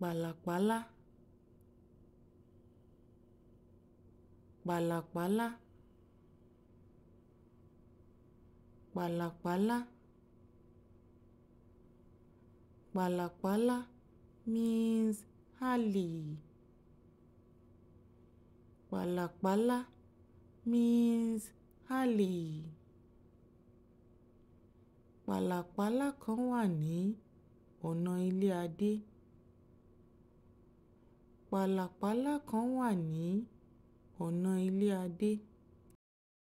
pàlàpálá pàlàpálá pàlàpálá pàlàpálá means alley pàlàpálá means alley pàlàpálá kan wà ní ọ̀nà ilé Adé pàlàpálá kan wà ní ọ̀nà ilé Adé